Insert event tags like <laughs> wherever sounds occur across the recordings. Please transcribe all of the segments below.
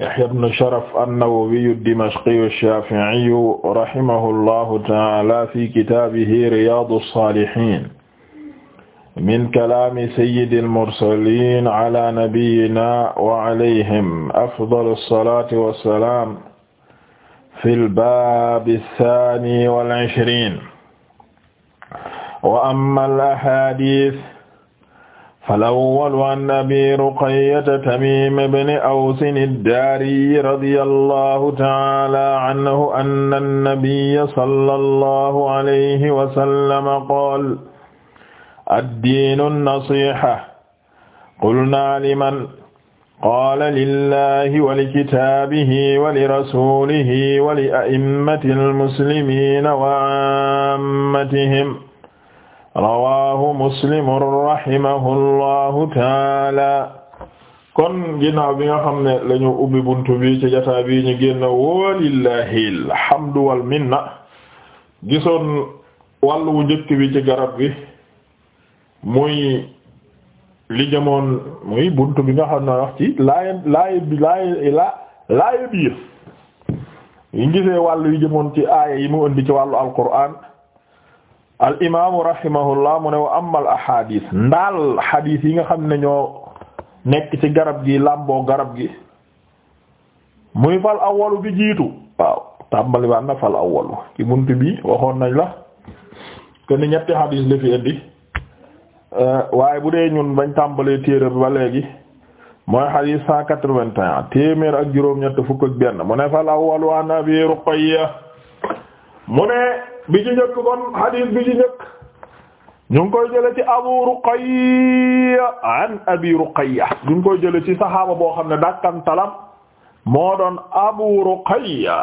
Yahya ibn Sharaf an-Nawawi ad-Dimashqi ash-Shafi'i rahimahullahu ta'ala fi kitaabihi Riyaadu s-Saalihiin min kalaami sayyidil mursaliin ala nabiyyinaa wa alayhim afdalu s-salaati wa s-salaam fil baabi s-saani wal ishriin wa ammal ahaadiis فالأول عن أبي رقية تميم بن أوس الداري رضي الله تعالى عنه أن النبي صلى الله عليه وسلم قال الدين النصيحة قلنا لمن قال لله ولكتابه ولرسوله ولأئمة المسلمين وعامتهم rawahu muslimun rahimahullahu taala kon ginnaaw bi nga xam ne la ubbi buntu bi ci jataa bi ñu génn walillahi alhamdu wal minna gisoon wàllu wu njëkk bi ci garab gi muy li jëmoon muy buntu bi nga xam ne wax ci laay laaya biir yi ngisee wàllu yi jëmoon ci aaya yi mu indi ci wàllu alquran al imaamu rahimahullah mu ne wa amal ahadis ndaal xadis yi nga xam ne ñoo nekk ci garab gi làmboo garab gi muy fal awalu bi jiitu waaw tàmbali waan na fal awalu ci bunt bi waxoon nañ la kenn ñetti xadis la fi indi euh, waaye bu dee ñun bañ tàmbalee téere bi ba léegi mooy xadis cent quatre-vingt-un téeméer ak juróom-ñett fukk ak benn mu ne fal awalu an abi ruqayya mu ne bi ci njëkk kon hadis bi ci njëkk ñu ngi koy jële ci abu ruqayya an abi ruqayya ñu koy jële ci saxaaba boo xam ne dakkan talam moo doon abu ruqayya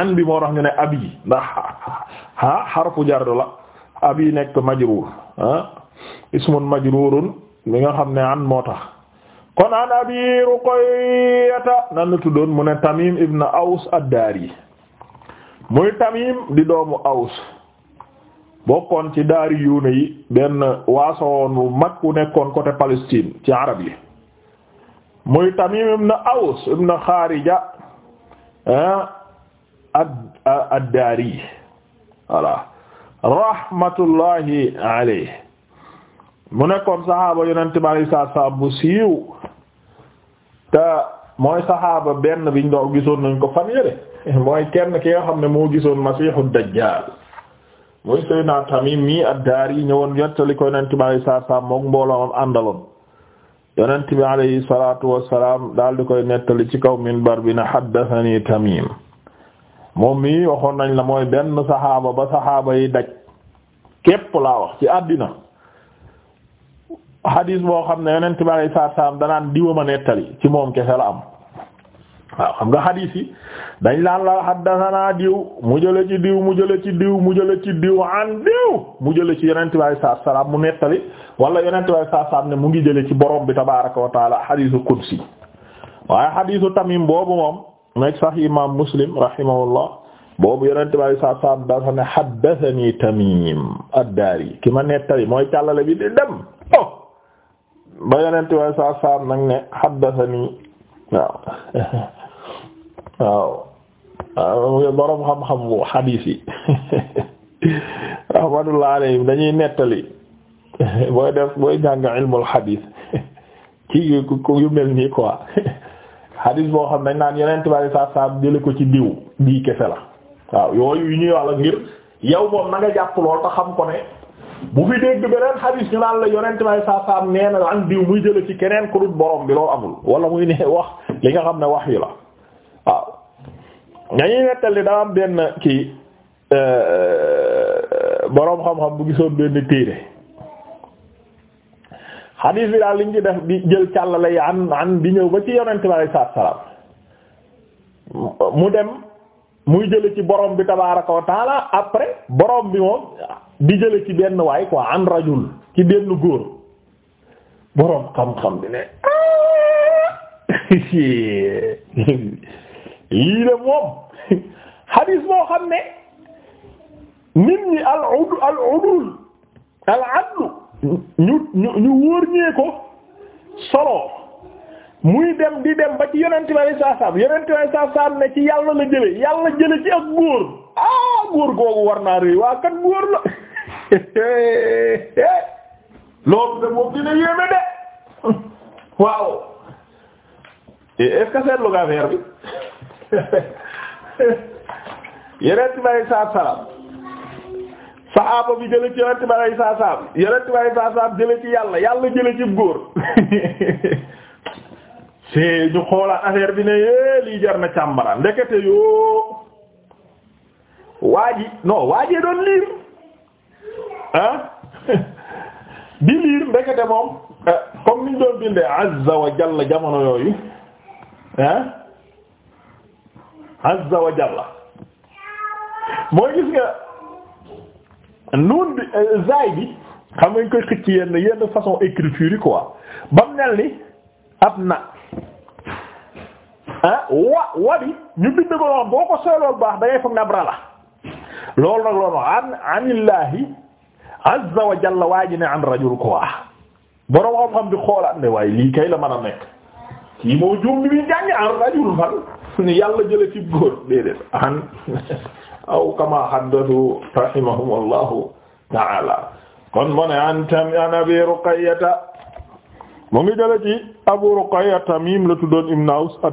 an bi moo tax ñu ne abi ndax ha harfu jar la abi nekk majruur ah ismun majruurun mi nga xam ne an moo tax kon an abi ruqayyata nan la tuddoon mu ne tamim ibn aws ad-dari muy Tamim di doomu Aws bokkoon ci daari yuuna yi benn waasowoon bu mag wu nekkoon côté Palestine ci arab yi muy Tamim ibn Aws ibn Xaarija ah, ad ad-Daari voilà rahmatullahi alayhi mu nekkoon saxaaba yonent bi alayhi salaam bu siiw te mooy saxaaba benn biñ doon gisoon nañ ko fan yële mooy kenn ki nga xam ne moo gisoon masiixu dajjaal mooy Seydina Tamim mii ad yi ñëwoon yettali ko yonent bi alayhi salaatu salaam mook mbooloo am àndaloon yonent bi alayhi salaatu wassalaam daal di koy nettali ci kaw minbar bi ne haddathani Tamim moom mii waxoon nañ la mooy benn saxaaba ba saxaaba yi daj képp laa wax ci àddina hadis boo xam ne yonent bi alayhi salaatu salaam danaan diwa ma nettali ci moom kese la am waaw xam nga xadiis yi dañ laan la haddasanaa diw mu jële ci diw mu jële ci diw mu jële ci diw an diw mu jële ci yonent bi alayhi mu nettali wala yonent bi alayhi salaatu ne mu ngi jële ci borom bi tabaaraka wa taala xadiisu qudsi waaye xadiisu tamim boobu moom nekk sax imaam muslim rahimahullah boobu yonent bi alayhi dafa ne haddasanii tamim ad-daari ki ma nettali mooy tallale bi di dem oh ba yonent bi alayhi nag ne haddasanii <laughs> waaw boroom xam-xam bu xadiis yi <laughs> rahmatullah alayhim dañuy nettali <laughs> booy def booy jàng ilmul xadiis ci <laughs> yu mel nii quoi xadiis boo xam dañ naan yeneen tubaab yi saa saa jële ko ci diw bii kese la waaw yooyu yu ñuy wax la ngir yow moom na nga jàpp lool te xam ko ne bu fi dégg beneen xadiis ñu naan la yonent may saasaam nee na an diw muy jële ci keneen ku dul borom bi loo amul wala muy ne wax li nga xam ne wax yi la waaw ñañuy nettali daa benn kii euh, boroom xam-xam bu gisoon benn téere xadiis bi daal liñ ci def di jël càllale yi an an di ñëw ba ci yonent bi alayhi salaam mu dem muy jële ci boroom bi tabaaraka wa taala après borom bi moom di jële ci benn waay quoi an rajul ci benn góor borom xam-xam bi ne <laughs> ah! <laughs> lii de moom <laughs> xadiis boo xam ne nit ñi al udul al al adlu ñu ñu ñu wóor ñee ko solo muy dem di dem ba ci yonent bi alayhi salaam yonent bi alayhi salaam ne ci yàlla la jële yàlla jële ci ak góor ah góor googu war naa waa kat góor la <laughs> loolu de moom dina yéeme de <laughs> waaw est-ce que seetlu nga affaire <laughs> yonent bi alayhi salaatu salaam bi jële ci yonent bi alayhi salaatu salaam yonent bi alayhi salaatu salaam yàlla yàlla jële ci góor <laughs> see ñu xoolaat affaire bi ne yee eh, lii jar na càmbara ndekete yoo waa ji non waa doon liir ah <laughs> di liir ndekete moom eh, comme niñ doon bindee azza wa jamono yooyu ah azza wa jalla mooy gis nga nuun bi euh, zaay bi nga ñu koy xëcc yenn façon écriture yi ba mu mel ni ab na ah wa wa ñu bind ko boo ko seetloo baax da ngay foog ne ab rala loolu nag loolu an anillahi azza an rajul quoi borom xam-xam bi xoolaat ne waaye lii kay la mën a nekk kii moo juum li muy jàng an rajul fan. <laughs> ni yàlla jële ci an aw kama haddatu rahimahum allahu taala kon mu an tam an abi ruqayyata abu ruqayya tamim la tuddoon ibn aws ca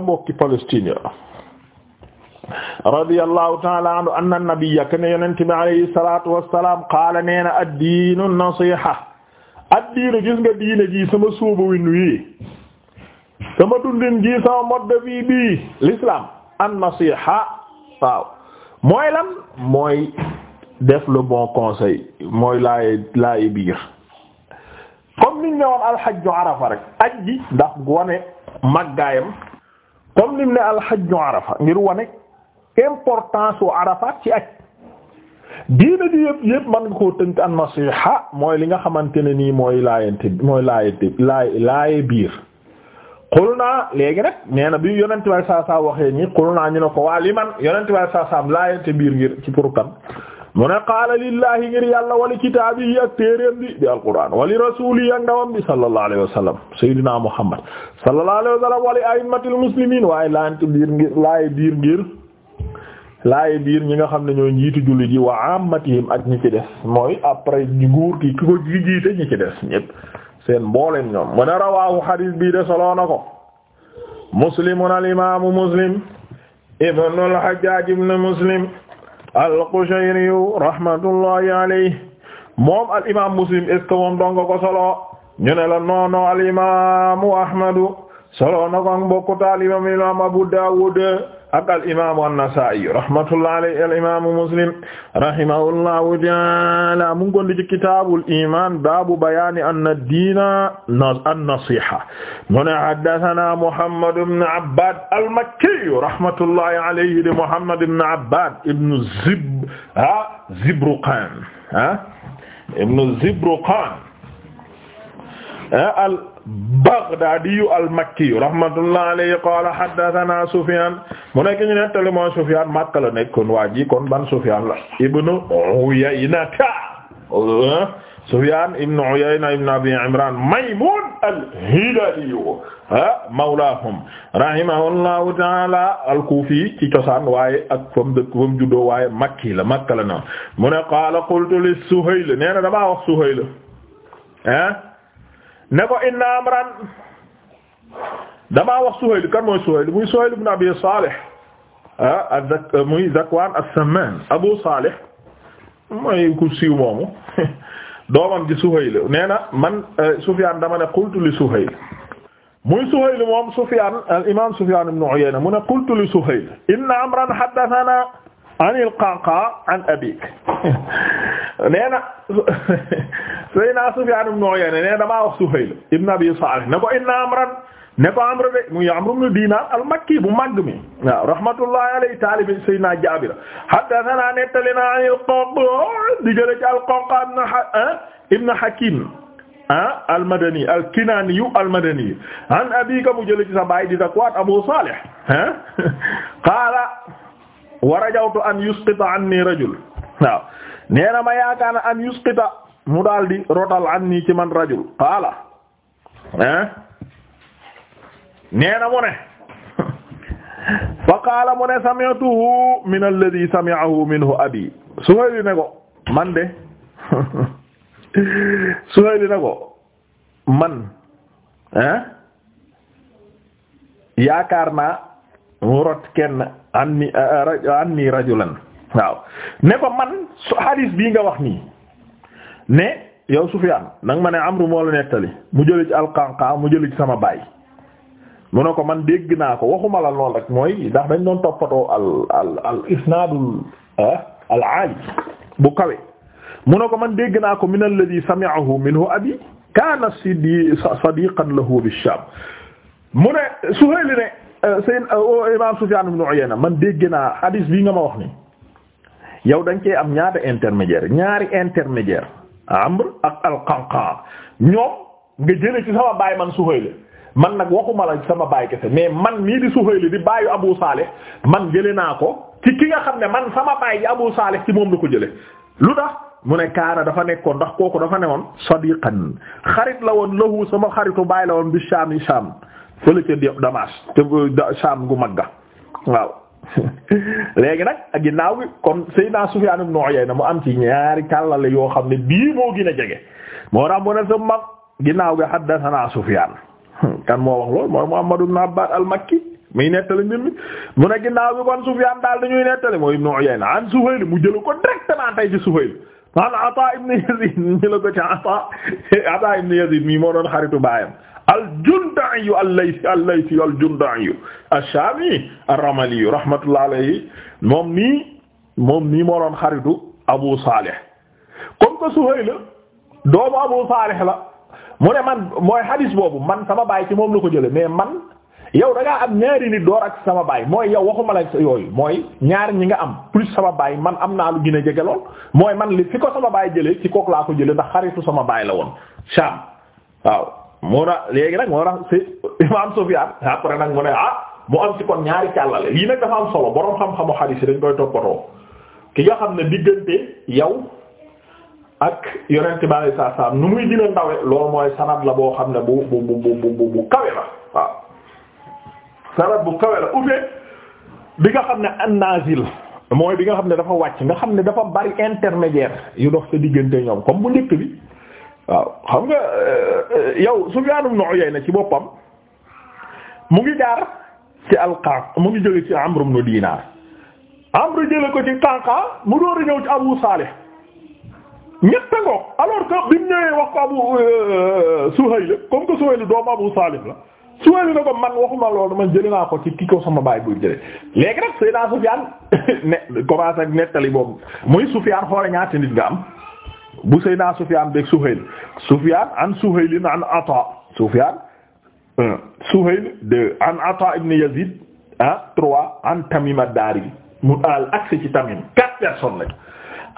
mbokki palestine radiyallahu taala anhu anna nabiyya kana yonent bi alayhi salatu wassalam qaala neena ad nasiha ad-diinu nga diine ji sama suuba win wi sama dundin ji sama mode de vie bii l'islam an nasiha waaw mooy lan mooy def le bon conseil mooy laay laay biir comme niñ ne woon alxajju arafa rek aj ji ndax wane màggaayam comme niñ ne alxajju arafa ngir wane importance su arafa ci aj diina ji yëpp yëpp man nga koo tënk an nasiha mooy li nga xamante ne nii mooy laayante mooy laayante laay laaye biir xul naa léegi nag nee na bi yonent baay saa saa waxee ñi xul naa ñu ne ko waa li man yonent baay saa saam laayante biir ngir ci pour kan mu ne qaala lillahi ngir yàlla wali kitaabi yi ak téeréem bi di alquran wali rasuli yi ak ndawam bi sallallahu alayhi wa sallam sayyidina muhammad sallallahu alayhi wa sallam wali a'immatil muslimin waaye laayante biir ngir laaye biir ngir laaye biir ñi nga xam ne ñooy njiitu julli ji wa ammatihim ak ñi ci des mooy après nguur ki ki seen mbooleem ñoom mu ne rawaahu xadiis bii de soloo na ko muslimun al imaamu muslim ibnu al hajjaaj ibnu muslim al qushayri rahmatullahi alayhi moom al imaam muslim est ce que moom donga ko solo ñu ne la noono al imaamu ahmadu solo na ko mbokku taal imaam imaam abu daawud ak al imaamu an-Nasaa'i rahmatullah alayhi al imaamu Muslim rahimahullahu ta'ala mu ngi gondi ci kitaabul iimaan baabu bayaani anna diina an-nasiiha mu ne haddathanaa Muhammad ibn Abbaad al-Makki rahmatullahi alayhi de Muhammad ibn Abbaad ibn Zib ah Zibruqaan ah ibn Zibruqaan al Baghdaadiyu al-Makkiyu rahmatullahi alayhi qaala haddathanaa Sufyaan mu nekk ñu nettali mooy Sufyaan Makka la nekkoon waa ji kon ban Sufyaan la ibnu Uyaynata Sufyaan ibnu Uyayna ibnu Abi Imraan Maymuun al-Hilaaliyu mawlaahum rahimahullahu ta'aala al-Kuufi ci cosaan waaye ak fa mu dëkk fa mu juddoo waaye Makki la Makka la na mu ne qaala qultu li Suhayl nee na damaa wax Suhayl ah ne ko inna amran damaa wax Suhayl kan mooy Suhayl muy Suhayl ibn Abi Salih ah muy Zakwan as-Samman Abu Salih mooy ku siiw moomu <laughs> doomam ji Suhayl nee na man eh, Sufyan dama ne qultu li Suhayl muy Suhayl moom Sufyan al-imam Sufyan ibn Uyayna mu ne qultu li Suhayl inna amran haddathana anil qaqaa an abik nee na Seydina Sufyaan ibn Uyayna nee damaa wax Suhayl ibn Abi Saalih ne ko inna amran ne ko amr de muy Amr ibn Diinaar al-Makki bu màgg mi waaw rahmatullahi alayhi taalib Seydina Jaabir haddathanaa nettali na anil qaqaa di jële ci al-Qaqaa ibn ah, Hakiim ah almadani alkinaani yu almadani an abika mu jële ci sa baay di Zakwaat Abu Saalih ah <laughs> qaala wa rajawtu an yusqita anni rajul waaw nee na ma yaakaar an yusqita mu di rotal anni ci man rajul qaala ah nee na fa qaala mu ne min alladhi sami'ahu minhu abi Suhayl ne ko man de <laughs> Suhayl ne ko man ah yaakaar naa mu rot kenn anni anni rajulan waaw ne ko man hadis bii nga wax ni ne yow Sufyaan nang ma ne Amru moo nettali mu jëli ci alqanqa mu jëli ci sama baay mu ne ko man dégg naa ko waxuma la lool rek mooy ndax dañ noon toppatoo al al al isnaadul bu kawe mu ne ko man dégg naa ko min alladhi sami'ahu minhu abi kaana sidi sadiqan lahu bi Shaam mu ne Suhayl ne Euh, seen euh, oh, imam Sufyan ibn Uyayna man dégg naa hadis bii nga ma wax ni yow dañ cee am ñaata intermédiaire ñaari intermédiaire Amr ak al-Qanqa ñoom nga jële ci sama baay man Suhayl man nag waxuma la sama baay kese mais man mii di Suhayl di baayu Abu Salih man jële naa ko ci ki nga xam ne man sama baay yi Abu Salih ci moom la ko jële lu tax mu ne kaana dafa nekkoon ndax kooku dafa newoon sadiqan xarit la woon lahu sama xaritu baay la woon bi Sham fële ca Damas te Sham gu magga waaw <laughs> léegi nag ak ginnaaw bi kon Seydina Sufyaan ibn na mu am ci ñaari kàllale yoo xam ne bii moo gin a jege moo tax mu ne sa mag ginnaaw gi haddathana Sufyaan <laughs> kan moo wax loolu mooy Muhammad ibn Abbaad al-Makki muy nettali mbir mi mu ne ginnaaw bi kon Sufyaan daal dañuy nettali mooy ibn Uyayna an Suhayl mu jël ko directement tey ci Suhayl an Ataa ibn Yaziid ñu la ko ci Ataa <laughs> Ataa ibn Yaziid mii moo doon xaritu baayam al-Jundai al-Laythi al-Laythi al-Jundai ash-Shami ar-Ramli rahmatullah alayhi moom nii moom nii moo doon xaritu Abu Salih comme que Suhayl doomu Abu Salih la mu ne man mooy hadis boobu man sama baay ci moom la ko jële mais man yow da ngaa am ñaari nit door ak sama baay mooy yow waxuma la yooyu mooy ñaar ñi nga am plus sama baay man am naa lu gën a jege lool mooy man li fi ko sama baay jëlee ci kook laa ko jëlee ndax xaritu sama baay la woon Sham waaw. moo tax léegi nag moo tax si imam Sufyan après nag mu ne ah mu am ci kon ñaari càllale lii nag dafa am solo boroom xam-xamu xadiis yi dañ koy toppatoo ki nga xam ne diggante yow ak yonent bi saa salaam nu muy dina ndawe loolu mooy sanad la boo xam ne bu bu bu bu bu kawe la waaw sanad bu kawe la ute bi nga xam ne annazil mooy bi nga xam ne dafa wàcc nga xam ne dafa bari intermédiaire yu dox sa diggante ñoom comme bu njëkk bi waaw xam nga euh, yow Sufyaan ibn Uyayna ci boppam mu ngi jaar ci al mu ngi jóge ci mu ibn Dinar Amr jële ko ci Qaqa mu door a ñëw ci Abu Salih ñett ngoog alors que bi mu ñëwee wax ko Abu euh, Suhayl comme que Suhayl doomu Abu Salih la Suhayl na ko man waxuma loolu man jële naa ko ci ki ko sama baay buy jële léegi nag Seydina Sufyaan <laughs> ne commencé ak nettali boobu muy Sufyaan xool ñaata nit nga am bu Seydina Sufyaan beeg Suhayl Sufyaan an Suhayl an Ata Sufyaan Suhayl deux an Ata Yazid trois an Tamim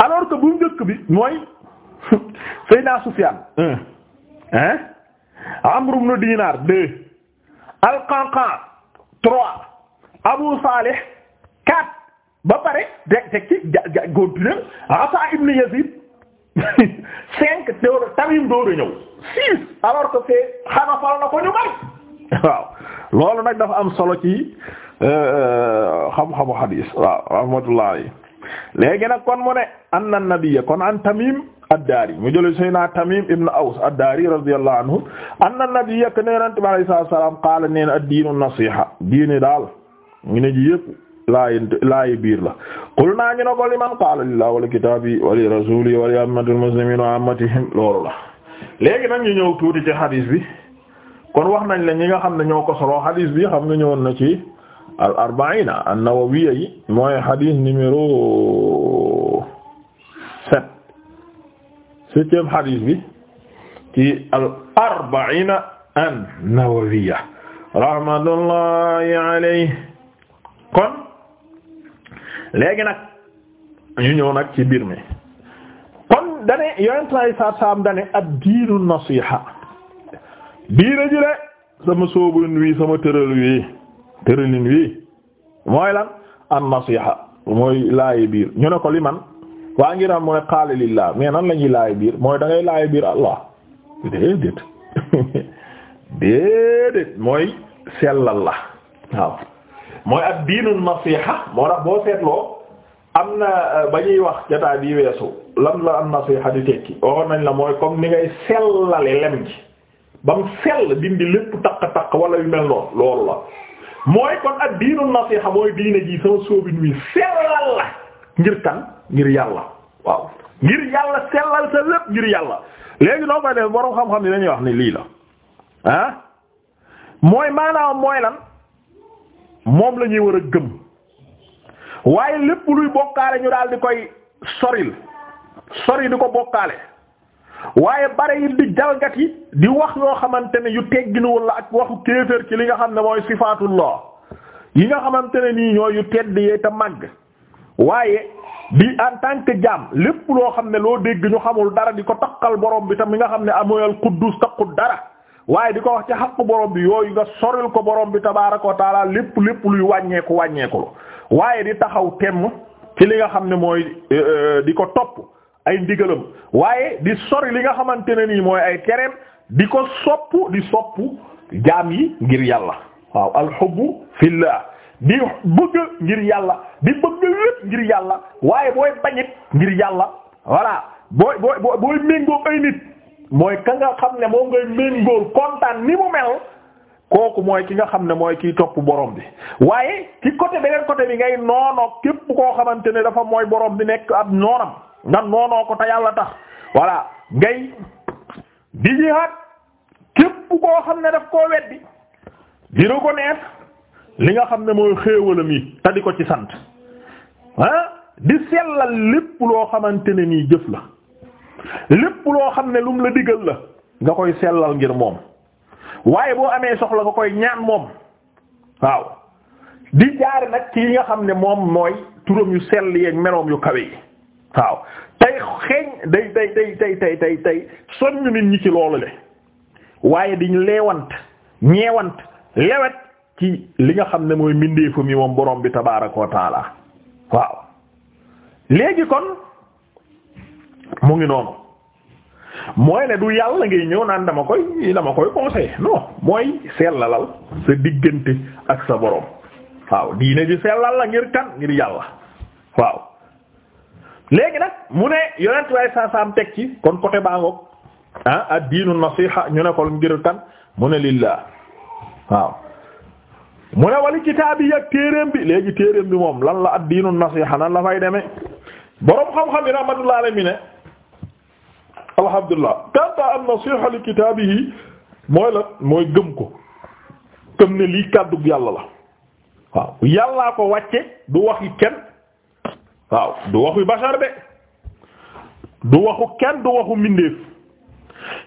alors que bu njëkk bi mooy Seydina Sufyaan un hein Amr ibn Dinar al-Qanqa trois Abu Salih ba pare de teg Ata ibn Yazid <laughs> cinq teewlu tamit door a ñëw six alors que c'est ko ñu bari waaw nag dafa am solo ci euh, euh, xam-xamu xadiis waaw rahmatullah yi léegi nag kon mu ne anna nabiyya kon an Tamim ad-Dari mu jëlee Seydina Tamim ibn Aws ad-Dari radiyallahu anhu anna nabiyya kaana yonent bi alayhi salaam qaala nee na ad-diinu nasiha diine daal ñu ne ji yépp laayint laayi biir la qul naa ñu ne ko liman qaala lillahi wal kitaabi wali rasuli wali ammatil muslimin wa ammatihim loolu la léegi nag ñu ñëw tuuti ci hadis bi kon wax nañ la ñi nga xam ne ñoo ko solo hadis bi xam nga ñëwoon na ci al arbaina an yi mooy hadis numéro sept septième hadis bi ci al arbaina an-nawawiyya rahmatullahi alayhi kon léegi nag ñu ñëw nag ci mbir mi kon dane yonent ay saat saam dane ad diinu nasiha diina ji de sama sóobun wi sama tëral wi tëralin wi mooy lan an nasiha mooy laayi biir ñu ne ko li man waa ngi naan mu ne qaala lillah mais nan la biir mooy da ngay biir allah déedéet <laughs> déedéet mooy sellal la waaw mooy ak diinu nasiha moo tax boo seetloo am na euh, ba ñuy wax jotaay bi weesu lam la am nasiha di tekki waxoon nañ la mooy comme ni ngay sellale lem ji ba mu sell dindi lépp taq-taq wala yu mel noonu loolu la mooy kon ak diinu nasiha mooy diine ji sama sóobin wi sellal la ngir kan ngir yàlla waaw ngir yàlla sellal sa lépp ngir yàlla léegi noo koy def borom xam-xam ni dañuy wax ni lii la ah mooy maanaam mooy lan. moom lañuy war a gëm waaye lépp luy bokkaale ñu daal di koy soril sori di ko bokkaale waaye bare yi di jalgat yi di wax yoo xamante ne yu tegginuwul la ak waxu kéefër ci li nga xam ne mooy sifaatullah yi nga xamante ne nii ñooy yu tedd yee te màgg waaye di en tant que jaam lépp loo xam ne loo dégg ñu xamul dara di ko takkal borom bi tam mi nga xam ne amoyal quddus takkul dara waaye di ko wax ci xaqu borom bi yooyu nga soril ko borom bi tabaaraka wa lépp lépp luy wàññeeku wàññeeku la waaye di taxaw temm ci li nga xam ne mooy euh, euh, di ko topp ay ndigalam waaye di sori li nga xamante ne nii mooy ay tereem di ko sopp di sopp jaam yi ngir yàlla waaw alxubbu fillah di bëgg ngir yàlla di bëgg lépp ngir yàlla waaye booy bañit ngir yàlla voilà booy booy booy ay nit mooy ka nga xam ne moom ngay méngóol kontaan ni mu mel kooku mooy ki nga xam ne mooy kiy topp boroom bi waaye ci côté beneen côté bi ngay noonoo képp koo xamante ne dafa mooy boroom bi nekk ab noonam nga noonoo ko te yàlla tax voilà ngay di jihaad képp koo xam ne daf koo weddi ko reconnaître li nga xam ne mooy xéewalam yi te di ko ci sant ah di sellal lépp loo xamante ne nii jëf la. lépp loo xam ne lu mu la digal la nga koy sellal ngir moom waaye boo amee soxla nga koy ñaan moom waaw di jaar nag ci yi nga xam ne moom mooy turam yu sell yeeg meloom yu kawe yi waaw tey xeeñ day tey tey tey tey soññu nit ñi ci loolu le waaye diñ leewant ñeewant lewet ci li nga xam ne mooy mbindeefu mi moom borom bi tabaaraka wa waaw léegi kon mu ngi noonu mooy ne du yàlla ngay ñëw naan dama koy dama koy conseil non mooy sellalal sa diggante ak sa borom waaw diine ji sellal la ngir kan ngir yàlla waaw léegi nag mu ne yonent way sa saam teg ci kon côté baangoog ah ad diinu nasiha ñu ne ko ngir kan mu ne lillah waaw mu ne wali kitaab ak téereem bi léegi téereem bi moom lan la ad diinu nasiha nan la fay demee xam-xam yi rahmatullahi alayhi ne alhamdulilah kanta am nasiha li kitaabihi mooy la mooy gëm ko comme ne lii kàddug yàlla la waaw yàllaa ko wàcce du waxi kenn waaw du waxu bashar de du waxu kenn du waxu mbindeef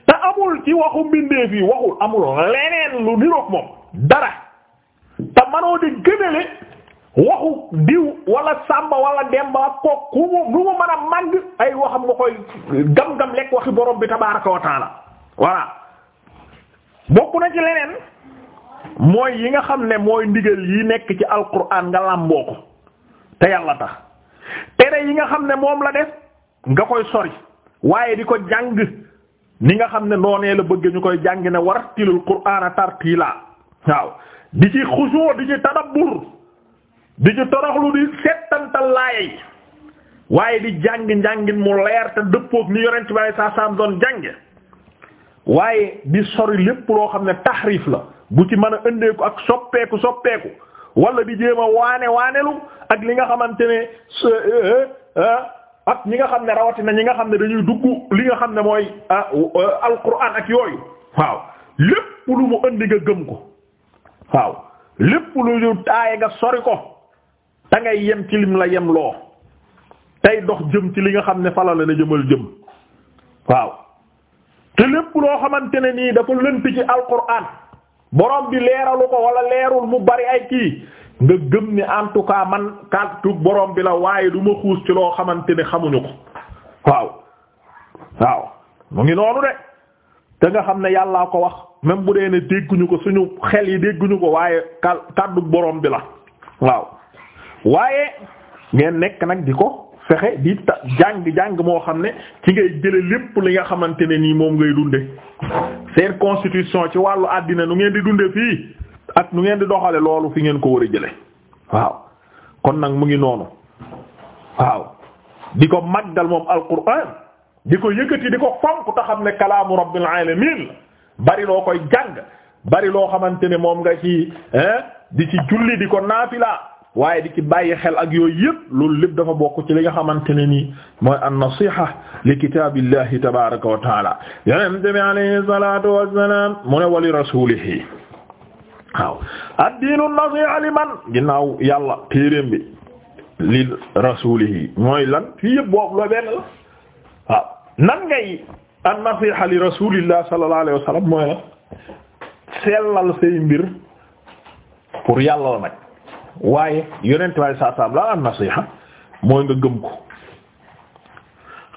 te amul ci waxu mbindeef yi waxul amul leneen lu niroog moom dara te manoo di gënale waxu diw wala sàmba wala demba ak ku mu lu a màgg ay waxam nga koy gam-gam lekk waxi borom bi tabaaraka wa taala voilà bokk na ci leneen mooy yi nga xam ne mooy ndigal yi nekk ci alquran nga làmboo ko te yàlla tax tere yi nga xam ne moom la def nga koy sori waaye di ko jàng ni nga xam ne noonee la bëgg ñu koy jàng ne warattilul qur'ana tartila waaw di ci xusoo di ci tadabbur di ci toroxlu di settantal laaya yi waaye di jàng njàngin mu leer te dëppook ni yonent bi ay saa saam doon jàng waaye di sori lépp loo xam ne taxrif la bu ci mën a ëndeeku ak soppeeku soppeeku wala di jéem a waane waanelu ak li nga xamante ne eh, eh, eh, ak ñi nga xam ne rawatina ñi nga xam ne dañuy dugg li nga xam ne mooy ah, alquran ak yooyu waaw lépp lu mu indi nga gëm ko waaw lépp lu ñu taaye nga sori ko dangay ngay yem ci lim la yem loo tey dox jëm ci li nga xam ne fala la na jëmal jëm waaw te lépp loo xamante ne nii dafa lënt ci alquran boroom bi leeralu ko wala leerul mu bari ay kii nga gëm ni en tout cas man kàddu boroom bi la waaye du ma ci loo xamante ne xamuñu ko waaw waaw mu ngi noonu de te nga xam ne yàllaa ko wax même bu dee ne dégguñu ko suñu xel yi dégguñu ko waaye kàddu boroom bi la waaw waaye ngeen nekk nag di ko fexe di ta jàng jàng moo xam ne ci ngay jële lépp li nga xamante ne nii moom ngay dunde seen constitution ci wàllu àddina nu ngeen di dunde fii ak nu ngeen di doxale loolu fi ngeen ko war a jële waaw kon nag mu ngi noonu waaw di ko magdal moom alquran di ko yëkkati di ko fonk te xam ne kalaamu rabbil alamin bari loo koy jàng bari loo xamante ne moom nga ci di ci julli di ko naafila waaye di ci bàyyi xel ak yooyu yëpp loolu lépp dafa bokk ci li nga xamante ne nii mooy an nasiha li kitaabillahi tabaraka wa taala yonente bi alayhi salatu wali rasulihi waaw addiinu nasiha li man ginnaaw yàlla téeréem li rasulihi mooy lan fii yëpp boobu la benn la waaw nan li rasulillah la sellal say mbir pour yàlla la waaye yonent waaye saa saam laa am nasiha mooy nga gëm ko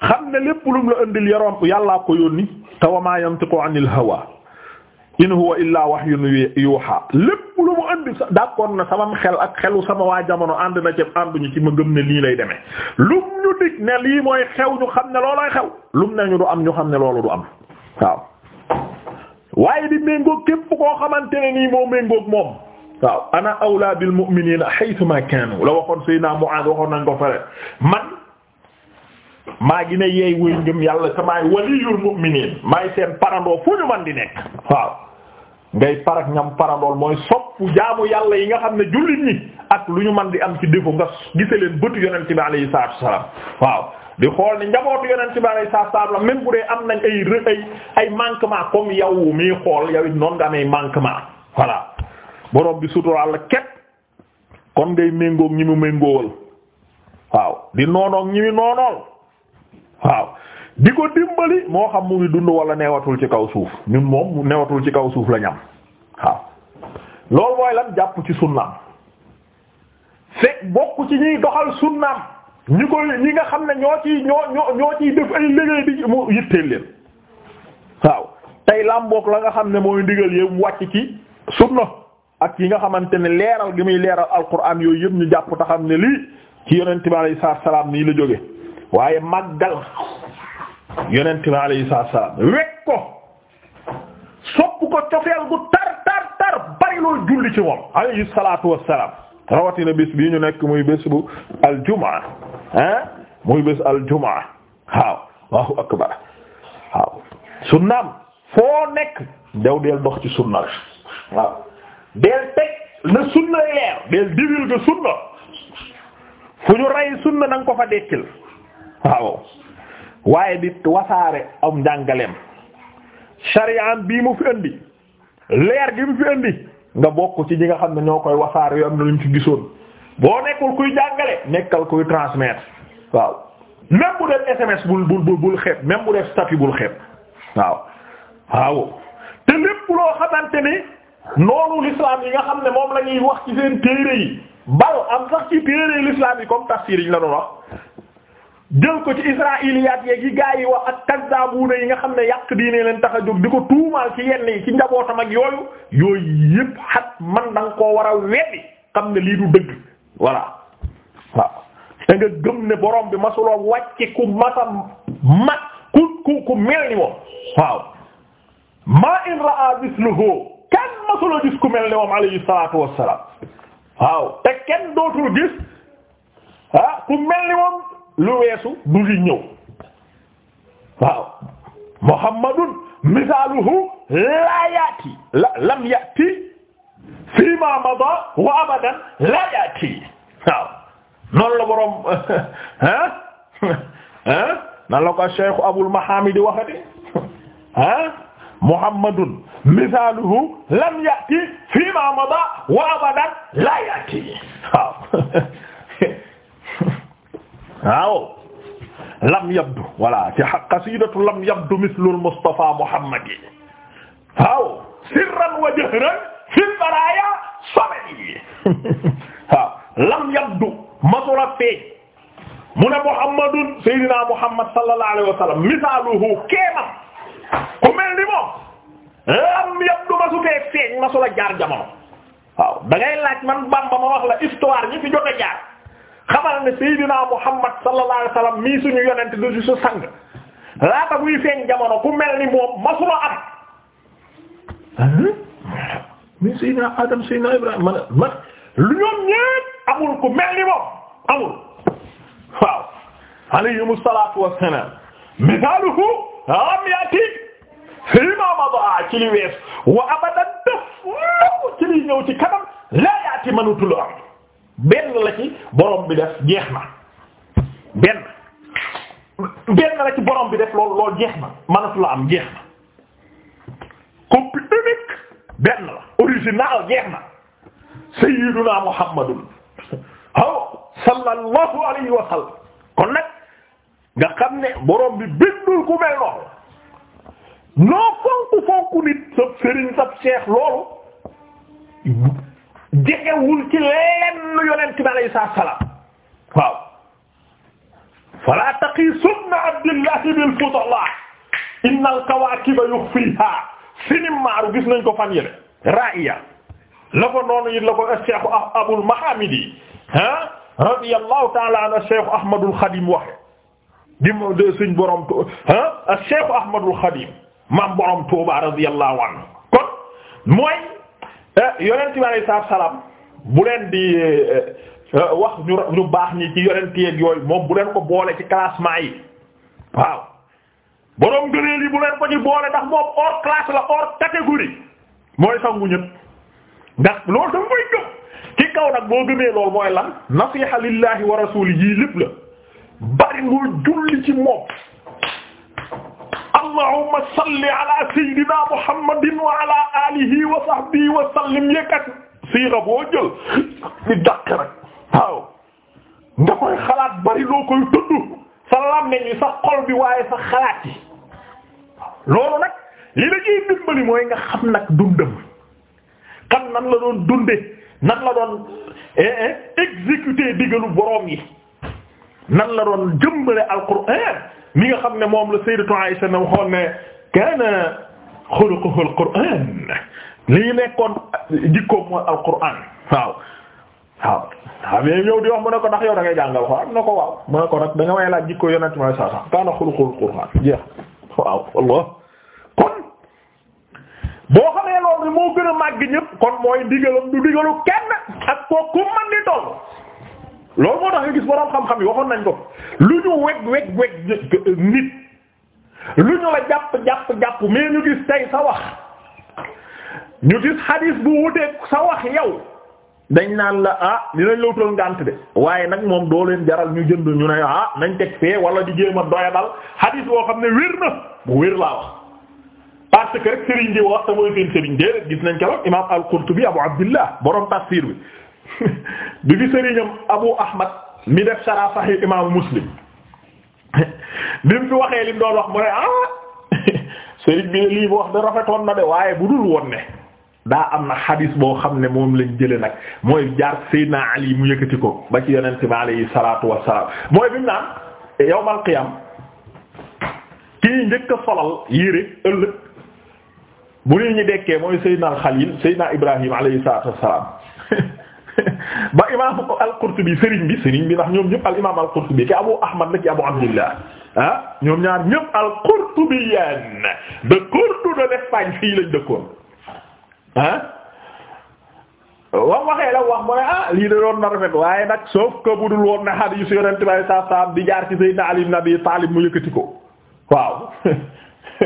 xam ne lépp lum la indil yaram yàllaa ko yónni te wa maa yantiqu anil hawa na xel ak xelu sama waa jamono ànd na ci ànduñu ci ma gëm ne lii lay demee lum ñu dig ne lii mooy xew ñu xam ne loolooy xew lum ne ñu du am ñu xam ne loolu du am waaw waaye di méngoog képp koo xamante ne nii moo méngoog moom waaw ana awla bil mu'minina haythuma kanu la waxoon sayna Mu'adh waxoon nañ ko fere man maa gi ne yeey wuy yàlla te maay waliyul mu'minin maay seen parandoo fu ñu man waaw ngay parak ñam parandool mooy sopp jaamu yàlla yi nga xam ne jullit ak lu ñu man di am ci défaut nga gise leen bëtu yonent bi alayhi salaatu waaw di xool ne njabootu yonent bi alayhi salaatu wassalaam la même bu am nañ ay ay ay manquement comme yow xool yow it noonu nga voilà boroom bi suturaal la képp kon ngay méngook ñi mu méngoowal waaw di noonoog ñi mu noonool waaw di ko dimbali moo xam mu ngi dund wala newatul ci kaw suuf ñun moom newatul ci kaw suuf la ñam waaw loolu mooy lan jàpp ci sunnaam fekk bokk ci ñuy doxal sunnaam ñi koy ñi nga xam ne ñoo ci ñoo ñoo ñoo def ay liggéey di mu yitteel leen waaw tey làmboog la nga xam ne mooy ndigal yëpp wàcc ci sunna ak yi nga xamante ne leeral gi muy leeral alquran yooyu yëpp ñu jàpp taxam ne lii ci yonent bi alayhi salaam nii la jóge waaye màggal yonent bi alayhi salaam wekk ko sopp ko cofeel gu tar tar tar bari lool julli ci moom alayhi salaatu wassalaam rawatina bis bii ñu nekk muy bés bu aljumaa ah muy bés aljumaa waaw Allahu akbar waaw sunnaam foo nekk daw deel dox ci sunna waaw del teg na sunna leer del divulguer sunna fu ñu rey sunna na nga ko fa dekkil waaw waaye di wasaare am jàngaleem sariyaan bii mu fi indi leer gi mu fi indi nga bokk ci ñi nga xam ne ñoo koy wasaare yu am na luñ ci gisoon boo nekkul kuy jàngale nekkal kuy transmettre waaw même def SMS bul bul bul xeeb même def statut bul xeeb waaw waaw te lépp loo xamante ni noonu l'islam yi nga xam ne moom la ñuy wax ci seen téere yi bal am sax ci téere l'islam yi comme tafsir la doon wax jël ko ci israiliyaat yeeg yi gaa yi wax ak kazzaabuuna yi nga xam ne yàq diine leen tax a jóg di ko tuumaal ci yenn yi ci njabootam ak yooyu yooyu yépp xat man da nga koo war a weddi xam ne lii du dëgg voilà waaw da nga gëm ne borom bi masuloo wàcce ku masam ma ku ku ku mel ni moom waaw ma in ra'a misluhu kenn masuloo gis ku mel ne moom alayhi salaatu wassalaam waaw te kenn dootul gis ah ku mel ni moom lu weesu du li ñëw waaw muhammadun misaaluhu laa yaati la lam yaati fii ma mada wa abadan laa yaati waaw noonu la boroom <laughs> ah <laughs> ah nan la ko Cheikh Abul Mahamid waxati ah muhammadun misaaluhu lam yati fii ma mada wa abadan la yati waaw <laughs> waaw lam yabdu voilà ci qasidatu lam yabdu mithlu al-Mustafa Muhammadi waaw sirran wa jahran fil baraya samadi <laughs> waaw lam yabdu masula feeñ mu ne Muhammadun sayyidina Muhammad sallallahu alayhi wa sallam misaaluhu keemam ku mel ni moom lam yëpp du masu fee feeñ masu la jaar jamono waaw dangay laaj man Bamba ma wax la histoire ñi fi jot a jaar xamal ne Seydina Muhammad sallallahu alayhi wasallam mii suñu yonent du su sang laata buy feeñ jamono ku mel ni moom masu la am mii Seydina Adam Seydina Ibrahim man lu ñoom ñépp amul ku mel ni moom amul waaw alayhimu salaatu wassalaam misaaluhu am yaati fima mada ci li wees wa abadan def ci liy ñëw ci kanam laa yaati mënutul am benn la ci borom bi def jeex na benn benn la ci borom bi def lool lool jeex na mënatul am jeex na copie unique benn la original jeex na sayyiduna muhammadun aw <laughs> oh, sallallahu alayhi wa sallam kon nag nga xam ne bi bindul ku mel noonu noo fonk fonk nit sab sëriñ sab seex loolu jegewul ci lenn yonent bi alayhi salaam waaw falaa taqiisunna abdillahi bil fudalaa innal kawaakiba yuxfiihaa sinimaaru gis nañ ko fan yele ra'iya la ko noonu yi la ko seexu an seexu ahmadul xadim waxe di ma de suñ borom ah ak Cheikh Ahmadul Xadim maam borom Touba radiyallahu anhu kon mooy eh, yonent bi alayhi salaam bu leen di eh, eh, wax ñu ñu baax ñi ci yonent yeeg yooyu moom bu leen ko boole ci classement yi waaw borom gëneel yi bu leen ko ci boole ndax moom hors classe la hors catégorie mooy sangu ñëpp ndax loolu da nga koy gëm ci kaw nag boo gëmee loolu mooy lan nasiha lillahi wa rasulihi lépp la. pare mooy julli ci moom allahumma salli ala sayyidina muhammadin wa ala alihi wa sahbihi wa sallim yëkkat siira xalaat bari loo koy tudd sa làmmiñ yi sa xol bi waaye sa xalaat yi loolu li la ñuy dimbali mooy nga xam nag dundam xam nan la doon dunde nan la doon eh, eh, exécuter digalu boroom yi nan la doon jëmbale alquran mi nga xam ne moom la sayyidatu Aisha ne waxoon ne kaana xuluquhu alquran lii nekkoon jikkoom mooy alquran waaw waaw waaw mais yow di wax mu ne ko ndax yow da ngay jàngal ko am na ko waaw mu ne ko nag da nga laa laaj jikko yonent ma saa sax kaana xuluquhu alquran jeex waaw Allah kon boo xamee loolu moo gën a màgg ñëpp kon mooy ndigalam du digalu kenn ak kooku man di doon loolu moo tax nga gis borom xam-xam yi waxoon nañ ko lu ñu weg weg weg nit lu ñu la jàpp jàpp jàpp mais ñu gis tey sa wax ñu gis xadiis bu wuteeg sa wax yow dañ naan la ah dinañ la wutal ngànt de waaye nag moom doo leen jaral ñu jënd ñu ne ah nañ teg fee wala di jéem a doyadal xadiis boo xam ne wér na bu wér laa wax. parce que rek Serigne di wax te mooy seen Serigne déedéet gis nañ keroog imaam al-Qurtubi Abu Abdillah boroom tafsir bi. bi fi sëriñam Abu Ahmad mi def sara Sahih imaamu Muslim bi mu fi waxee li doon wax mu ne ah sëriñ bi lii bu wax da rafetoon na de waaye bu dul woon ne daa am na xadis boo xam ne moom lañ jële nag mooy jaar Seydina Ali mu yëkkati ko ba ci yonent bi alayhi salaatu wassalaam mooy bi mu naan yawmal qiyaam kii njëkk a solal yére ëllëg bu nit ñi dekkee mooy Seydina Xaliil Seydina Ibrahim alayhi salaatu wassalaam <laughs> ba imam al-Qurtubi sëriñ bi sëriñ bi ndax ñoom ñëpp al imam al-Qurtubi ki Abu Ahmad la ki Abu Abdillah ah ñoom ñaar ñëpp al-Qurtubiyyan de Cordoue de l'Espagne fii lañ dëkkoon ah wam waxee la wax mu ne ah lii da doon na rafet waaye nag sauf que budul woon na hadiis Yonent bi alayhi salaam di jaar ci mu yëkkati ko waaw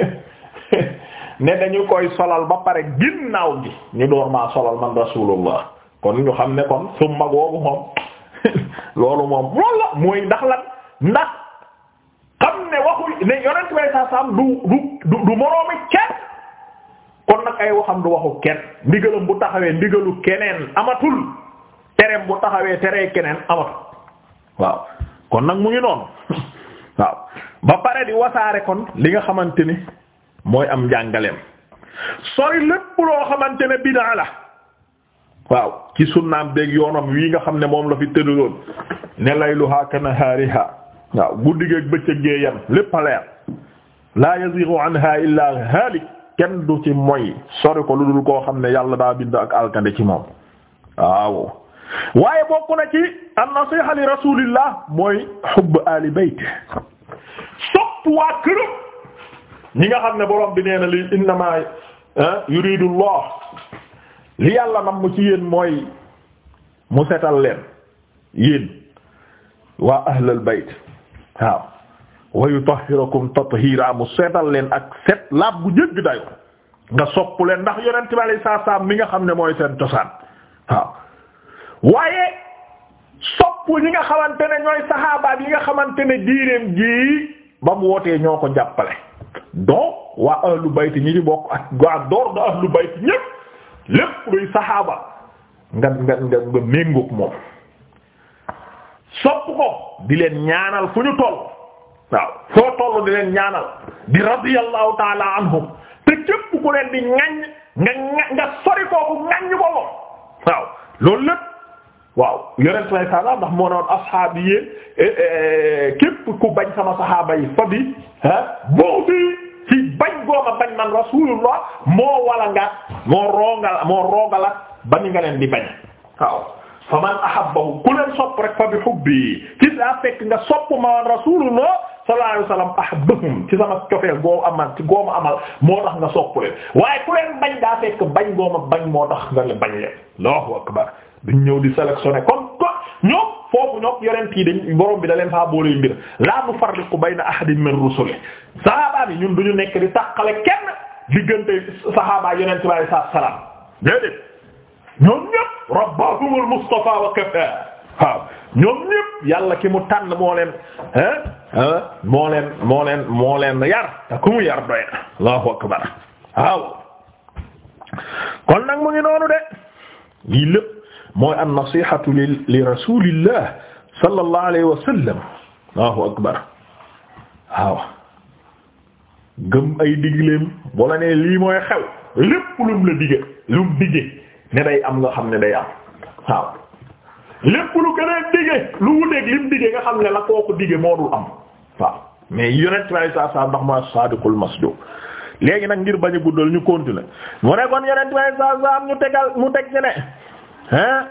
<laughs> ne dañu koy solal ba pare ginnaaw gi ñu door maa solal man Rasulullah kon ñu xam ne kon summa googu moom <laughs> loolu moom loolu la mooy ndax la ndax xam ne waxul ne yonent bay saa saam du du du du moroomi kenn kon nag ay waxam du waxu kenn ndigalam bu taxawee ndigalu keneen amatul tereem bu taxawee teree keneen amatul waaw kon nag mu ngi noonu <laughs> waaw ba pare di wasaare kon li nga xamante ni mooy am njàngaleem sori lépp loo xamante ne bid'a la waaw ci sunnaam beeg yoonam wii nga xam ne moom la fi tëddaloon ne layluha kanahaariha waaw guddi geeg bëccëg gee yem lépp a leer anha illaa haalik kenn du ci moy sore ko lu dul koo xam ne yàlla daa bind ak alkande ci moom waaw waaye bokk na ci an-nasiha li rasulillah mooy hubb ali bayt sopp waa këram ñi nga xam ne borom bi nee li innama ah, yuridu allah li yàlla nam mu ci yéen mooy mu setal leen yéen waa ahlal bayt waaw wa yutahhirukum tathira mu seetal leen ak set laab bu jëgg dayo nga sopp leen ndax yonent bi alay saa saa mi nga xam ne mooy seen cosaan waaw waaye sopp ñi nga xamante ne ñooy saxaabaat yi nga xamante ne diineem ji ba mu wootee ñoo ko jàppale donc waa ahlu bayt ñi di bokk ak waa door ga ahlu bayt ñépp lépp luy saxaaba nga nga nga nga moom sopp ko di leen ñaanal fu ñu toll waaw foo toll di leen ñaanal di radiyallahu taala anhum te képp ku leen di ŋaññ nga nga sori kooku ŋaññ ko moom waaw loolu lépp waaw yonent lay saala ndax moo noon asxaab yi eh, eh, eh, képp ku bañ sama saxaaba yi fa bi ah, boo fi ci bañ gooma bañ man rasulullah moo wala nga moo roogal moo roogalat ba nga leen di bañ waaw fa man ahabbahu ku leen sopp rek fa bi hubbi ki daa fekk nga sopp ma rasulullah sallallahu alayhi wasallam ahabbahum ci sama cofeel goo amal ci gooma amal moo tax nga sopp leen waaye ku leen bañ daa fekk bañ gooma bañ moo tax nga bañ leen allahu akbar duñ ñëw di sélectionner comme ko ñoom foofu ñoom yonent yi dañ borom bi da leen faa boole mbir la nufarriqu bayna ahadin min rusuli sahaaba yi ñun duñu nekk di tàqale diggante saxaaba yonent bi alayhi salaam déedéet ñoom ñëpp rabbahumul Mustafa wa kafa waaw ñoom ñëpp yàlla ki mu tànn moo leen ah moo leen moo leen moo leen yar te ku mu yar doy na Allahu akbar waaw kon nag mu ngi noonu de lii lépp mooy an nasihatu li li rasulillah sallallahu alayhi wa sallam Allahu akbar waaw gëm ay digleem bu la nee lii mooy xew lépp lum la dige lum dige ne day am nga xam ne day am waaw lépp lu gën a lu wuteeg lim dige nga xam ne la kooku dige moo dul am waaw mais yonent bi saa saa ndax ma saadiqul masduq léegi nag ngir bañ a ñu continuer mu ne kon yonent bi saa saa am tegal mu teg ci ne hein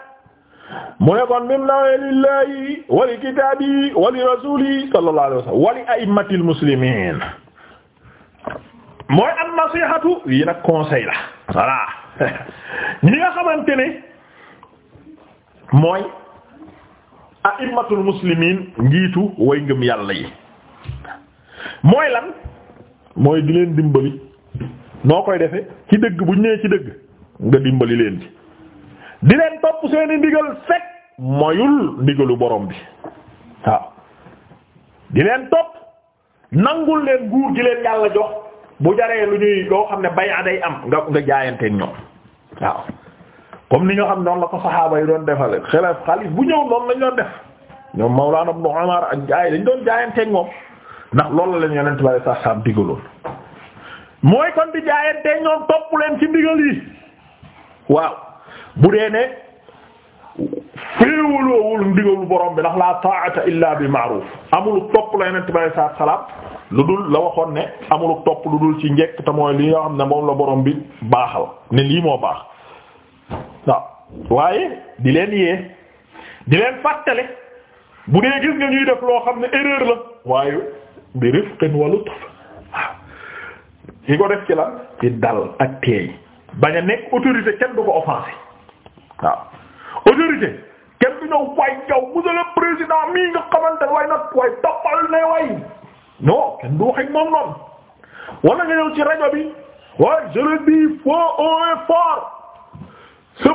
mu ne kon mim nawee lillahi wali kitaabi wali rasuuli sallallahu alayhi wali a'immatil muslimiin mooy am nasihatu yi nag conseil la voilà <laughs> ñi nga xamante ne mooy a'immatul muslimin njiitu way ngëm yàlla yi mooy lan mooy di leen dimbali noo koy defe ci dëgg bu ñu nee ci dëgg nga dimbali leen ci di leen topp seeni ndigal fekk moyul ndigalu borom bi waaw di leen topp nangul leen nguur gi leen yàlla jox bu jaree lu ñuy loo xam ne bayaa day am nga nga jaayanteeg ñoom waaw comme ni ñoo xam noonu la ko saxaaba yi doon defale xelef xalif bu ñëw noonu lañ doon def ñoom Mawlana Ibn Umar ak jaay dañ doon jaayanteeg moom ndax loolu la leen yonent bari sax saam digaloon mooy kon di jaayanteeg ñoom topp leen ci ndigal yi waaw bu dee ne féewaloowul ndigalu borom bi ndax la ta'ata illa bi ma'ruf amul topp la yonent bi alayhi salaatu salaam lu dul la waxoon ne amul topp lu dul ci njekk te mooy li nga xam ne moom la borom bi baaxal ne lii moo baax waaw waaye di leen yee di leen fàttale bu dee gis nga ñuy def loo xam ne erreur la waaye bi rifqin wa lutf waaw ki ko def ci la ci dal ak teey bañ a nekk autorité kenn du ko offensé waaw autorité kenn du ñëw waay yow monsieur le président mii nga xamante ne waaye nag waay toppal ne waay non kenn du wax moom noonu wala ñëw ci rajo bi waaye je le dis fort haut et fort ce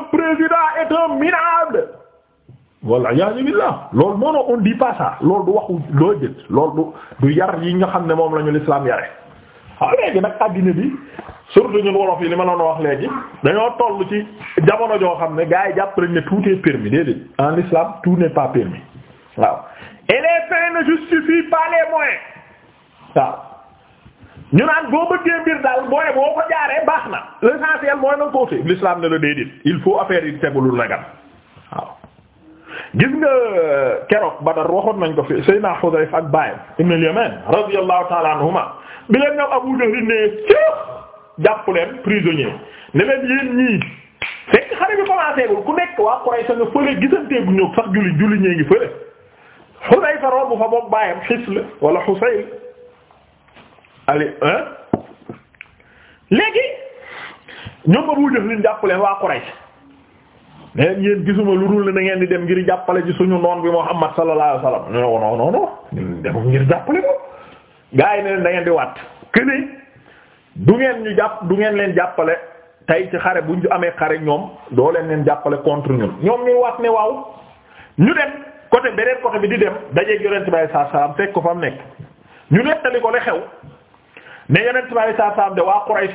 walla iyaazu billah moo noonu on dit pas ça du waxu loo jët loolu du du yar yi nga xam ne moom lañu ñu l'islam yare waaw ah, léegi nag addina bi surtout ñun wolof yi li ma la wax léegi dañoo toll ci jamono joo xam ne gars yi jàpp nañ ne tout est permis déedéet en islam tout n'est pas permis waaw et les fins ne justifient pas les waaw ñu naan boo bëggee mbir daal mooy boo ko jaaree baax na l'essentiel mooy na nga ko ne la déedéet il faut affaire yi tegu lu ragal waaw gis nga euh, keroog Badar waxoon nañ ko fi Seydina Xudayfa ak baayam ibn al-Yaman radiyallahu ta'ala anhuma bi leen ñoom Abu Jahl ne ci jàpp prisonnier ne leen yéen ñii fekk xare bi commencé gul ku nekk waa Quraysh nga fële gisantee bu ñëw sax julli julli ñee ngi fële Xudayfa romb fa boobu baayam Xisl wala Xusayl ali léegi ñoom Abu Jahl jàpp leen waa Quraysh neen eh, yéen gisuma lu dul na ngeen di dem ngir jàppale ci suñu noon bi Muhammad sallallahu alayhi wasallam non non non non dem ngir jàppale ko gaa yi ne da ngeen di waat këni du ngeen ñu jàpp du ngeen leen jàppale tey ci xare bu ñu amee xare ñoom doo leen leen jàppale contre ñun ñoom ñuy waat ne waaw ñu dem côté beneen côté bi di dem dajeeg yonent bi saa saam fekk ko fa mu nekk ñu nettali ko le xew ne yonent bi saa saam de waa Quraysh